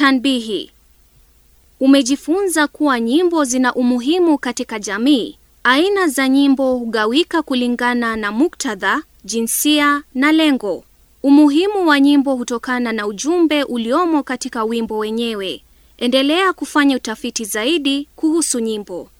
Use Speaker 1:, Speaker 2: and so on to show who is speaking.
Speaker 1: Tanbihi. Umejifunza kuwa nyimbo zina umuhimu katika jamii. Aina za nyimbo hugawika kulingana na muktadha, jinsia na lengo. Umuhimu wa nyimbo hutokana na ujumbe uliomo katika wimbo wenyewe. Endelea kufanya utafiti zaidi kuhusu nyimbo.